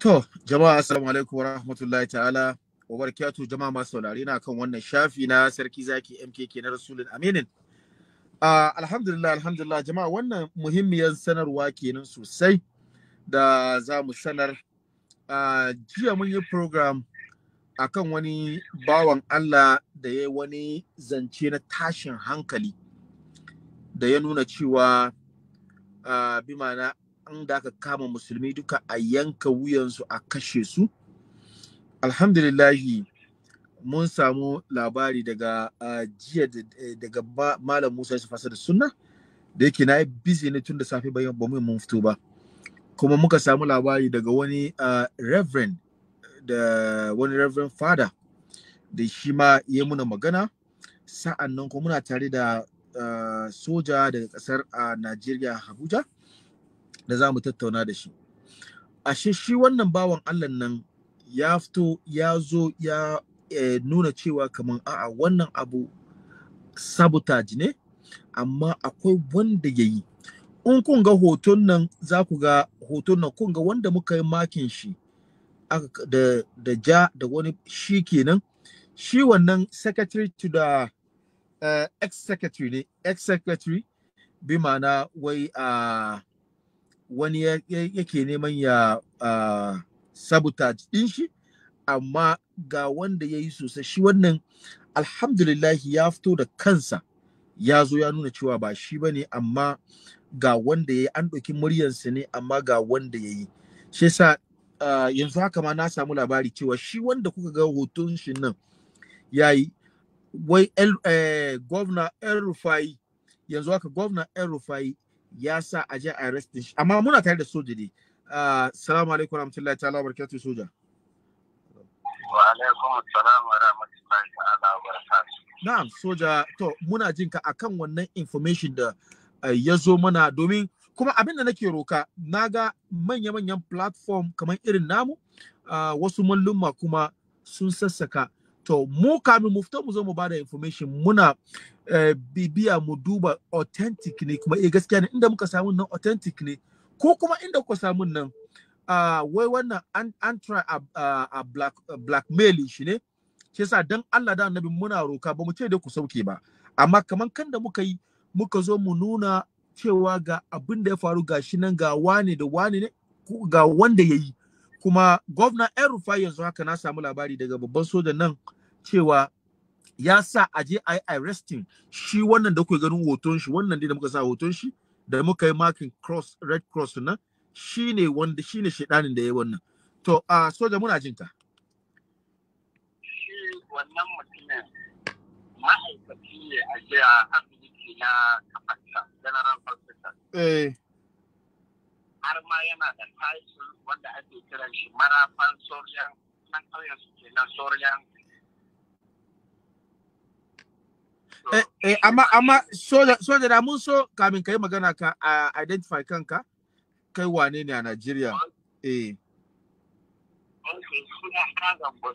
To, jama'a assalamu alaikum wa rahmatullahi ta'ala wa barakatuh jama'a masu saurari na kan wannan shafi na sarki zaki MKK na Rasulun Aminin. Uh, alhamdulillah alhamdulillah jama'a wannan muhimmiyar sanarwa kenan sosai da za mu sanar. Uh, jiya mun yi program a kan wani bawan Allah da ya wani zance na tashin hankali da ya nuna cewa uh, bi da aka kama musulmi duka a yanka wuyansu a kashe su alhamdulillahi mun samu labari daga ah, jiya eh, daga malam musa ya fasa da sunna da yake na yi busy ne tun da safe bayan ba mun fito ba kuma muka samu labari daga wani ah, reverend da wani reverend father da shi ma ya muna magana sa'an nan kuma muna tare da ah, soja daga kasar a najeriya abuja da za mu tattauna da shi ashe shi wannan bawan Allah nan ya fito ya zo ya eh, nuna cewa kamar a'a wannan abu sabotage ne amma akwai wanda ya yi in kun ga hoton nan za ku ga hoton nan kun ga wanda muka yi makin shi da, da ja da wani shi kenan shi wannan secretary to the uh, ex-secretary ne ex-secretary bi ma'ana wai a uh, wani yake neman ya sabotage ɗin shi amma ga wanda ya yi sosai shi wannan alhamdulillah ya fito da kansa ya zo ya nuna cewa ba shi ba ne amma ga wanda ya yi an ɗauki muryarsa ne amma ga wanda ya yi shi sa yanzu haka ma na samu labari cewa shi wanda kuka ga hoton shi nan ya yi wai eh, gwamna rufai yanzu haka gwamna yan rufai ya sa a je a arrestin shi amma muna tare da soja ne assalamu ah, alaikum warahmatullahi ta'ala barakatuh soja wa alaikum assalam wa rahmatullahi ta'ala barakatuh na'am soja to muna jin ka akan wannan information da eh, ya zo mana domin kuma abin da nake roka naga manya-manyan platform kamar irin namu ah, wasu mallumma kuma sun sassaka to mu kamin mu fito mu zo mu bada information muna eh, bibiya mu duba authentic ne kuma eh gaskiya ne inda muka samu nan authentic ne ko kuma inda kuka samu nan wai wannan an, try a, a blackmail shi ne shi yasa dan Allah da annabi muna roka ba mu ce dai ku sauke ba amma kaman kan da muka yi muka zo mu nuna cewa ga abin da ya faru ga shi nan ga wane da wane ne ga wanda ya yi kuma gwamna yan rufa yanzu haka na samu labari daga babban sojan nan cewa ya sa a je a yi arresting shi wannan da kuke ganin hoton shi wannan da muka sa hoton shi da muka yi makin cross red cross na shi ne wanda shi ne shaidanin da ya yi wannan to a soja muna jinka shi wannan mutumin ma'aikaci ne a jiya asibiti na kafarsa general hospital eh har ma yana da title wanda ake kiran shi marafan soriyan nan kauyen su na soriyan eh, eh, amma amma so da so da so kamin kai magana ka uh, identify kanka kai wane ne a Najeriya eh Okay,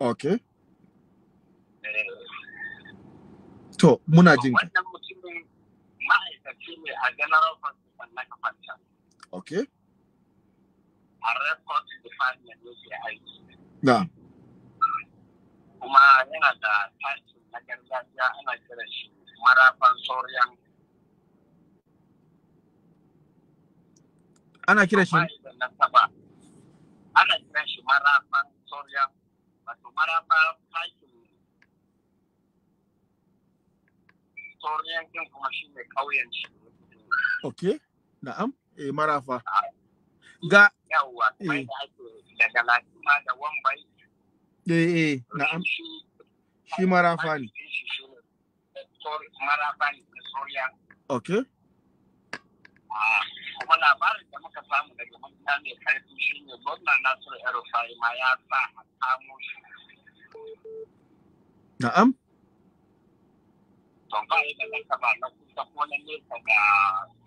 Okay. Eh. To, muna jin ka. na Okay. kuma yana da tashi na gargajiya ana kira shi marafan sauriyan ana kira shi ana kira shi marafan sauriyan wato marafa tashi sauriyan din kuma shi ne ƙauyen shi ok na'am eh marafa ga yawwa da ake daga ma da wambai eh eh na'am shi marafa ne marafa ne okay kuma labarin da muka samu daga manta mai karfi shi ne gwamna nasiru erufai ma ya sa a kamo Na na'am don ba da naka ba na kusa ko na nesa ga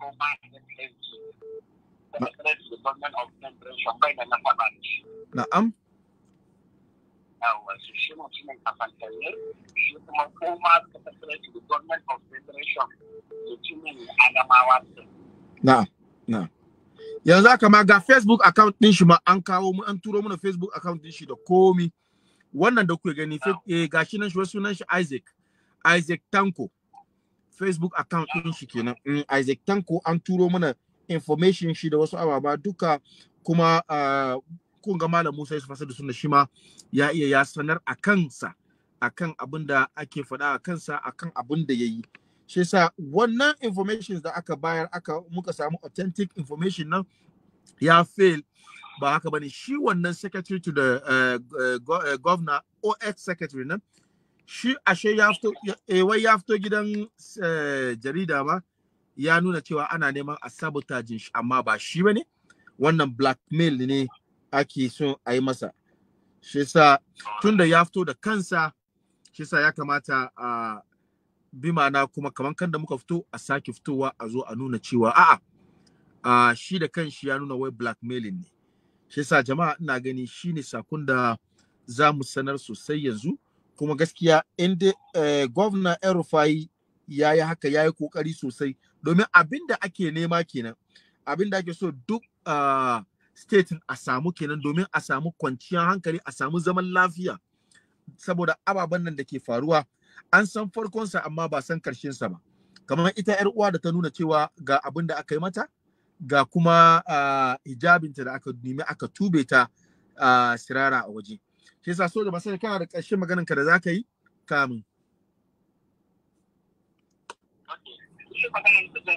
koma da kirki da na kirki Na gwamnan of centration bai da naka ba na'am yanzu haka ma ga facebook account din shi ma an kawo mu an turo mana facebook account din shi da komi wannan da kuke gani eh gashi nan shi wasu nan shi Isaac Isaac Tanko Facebook account din shi kenan mm, Isaac Tanko an turo mana information shi da wasu ababa duka kuma ah, kun ga malam Musa Yusuf Asadu Sunna shi ma ya iya ya sanar a kansa a kan abin da ake faɗa a kansa a kan abin da yayi shi yasa wannan information da aka bayar aka muka samu authentic information nan ya fail ba haka ba ne shi wannan secretary to the uh, uh, governor OX secretary nan shi ashe ya fito eh, wai ya fito gidan jarida ba ya nuna cewa ana neman a sabotajin shi amma ba shi ba ne wannan blackmail ne ake so a yi masa shi sa tunda ya fito da kansa shi sa ya kamata a bi ma'ana kuma kamar kan da muka fito a sake fitowa a zo a nuna cewa a'a a shi da kanshi ya nuna wai blackmailing ne shi sa jama'a ina gani shi ne sakon da za mu sanar sosai yanzu kuma gaskiya inda eh, gwamna erufai ya yi haka ya yi kokari sosai domin abin da ake nema kenan abin da ake so duk uh, statin a samu kenan domin a samu kwanciyar hankali a samu zaman lafiya saboda ababen nan da ke faruwa an san farkonsa amma ba san sa ba kamar ita yar uwa da ta nuna cewa ga abin da aka yi mata ga kuma uh, hijabinta da aka nemi aka tube ta uh, sirara a waje shi yasa so da ba sai kana da ƙarshen maganar ka da zaka yi kamun Okay.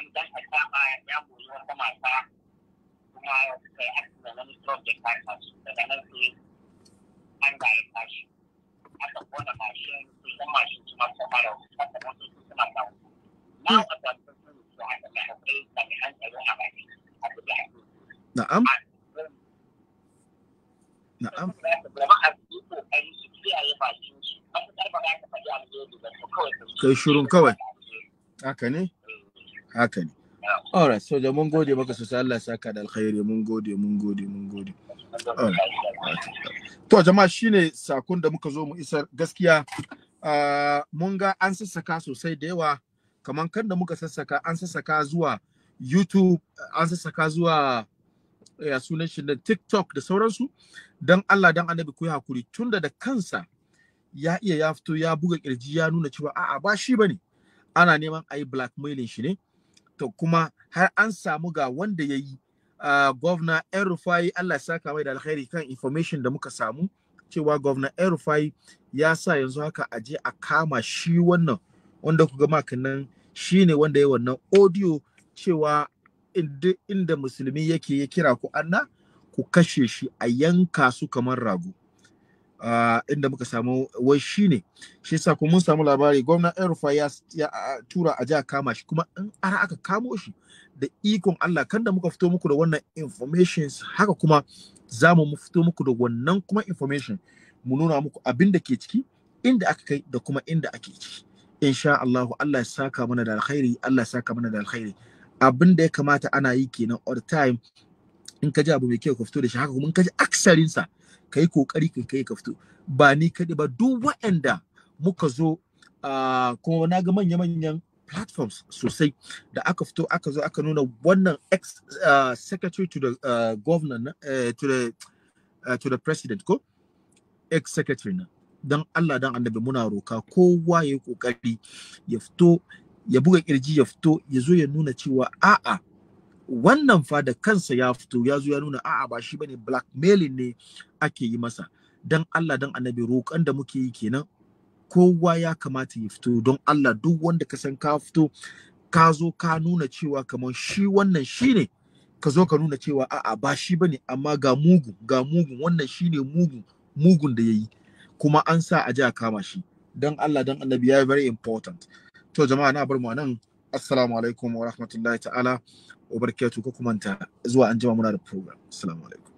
nan dan a saba ya koyi wata mata kuma sai a tuna wani daga nan sai an ga ya aka kona mashin sai dan mashin fara wata suna na wata sun su aka mai haƙuri an tsaro a baki a a Na'am. Na'am. Kai shirun kawai. Haka ne? haka ne alright so da mun gode maka sosai Allah ya saka da alkhairi mun gode mun gode mun gode to jama'a shine sakon da muka zo mu isa gaskiya ah, mun ga an sassaka sosai da yawa kamar kan da muka sassaka an sassaka zuwa YouTube an sassaka zuwa ya sunan shi da TikTok da sauransu dan Allah dan Annabi ku yi hakuri tunda da kansa ya iya ya fito ya buga kirji ya nuna cewa a'a ba shi bane ana neman a yi blackmailing shi ne to kuma har an samu ga wanda ya yi gwamna yan allah ya saka mai da alkhairi kan information da muka samu cewa gwamna yan rufai ya sa yanzu haka a je a kama shi wannan wanda kuga gama nan shi ne wanda ya wannan audio cewa inda musulmi yake ya kira ku anna ku kashe shi a yanka su kamar rago inda muka samu wai shi ne shi yasa kuma mun samu labari gwamnan Erufa ya tura a ja kama shi kuma in ara aka kamo shi da ikon Allah kan da muka fito muku da wannan information. haka kuma za mu fito muku da wannan kuma information mu nuna muku abin da ke ciki inda aka kai da kuma inda ake ciki insha Allah Allah ya saka mana da alkhairi Allah ya saka mana da alkhairi abin da ya kamata ana yi kenan all the time in ka ji abu mai kyau ka fito da shi haka kuma in ka ji aksarinsa sa ka yi kokari ka kai ka fito ba ni kaɗai ba duk waɗanda muka zo kuma na ga manya-manyan platforms sosai da aka fito aka zo aka nuna wannan ex secretary to the governor eh, to the eh, to the president ko ex secretary na dan Allah dan annabi muna roka kowa ya yi kokari ya fito ya buga kirji ya fito ya zo ya nuna cewa a'a wannan fa da kansa ya fito ya zo ya nuna a'a ba shi bane blackmailing ne ake yi masa dan Allah dan annabi roƙon da muke yi kenan kowa ya kamata ya fito don Allah duk wanda ka san ka fito ka zo ka nuna cewa kamar shi wannan shine ka zo ka nuna cewa a'a ba shi bane amma ga mugu ga mugun wannan shine mugu mugun da yayi kuma an sa a ji a kama shi don Allah don annabi ya very important to jama'a na bar mu nan assalamu alaikum wa rahmatullahi ta'ala wa barakatuh ko kuma zuwa an jima muna da program assalamu alaikum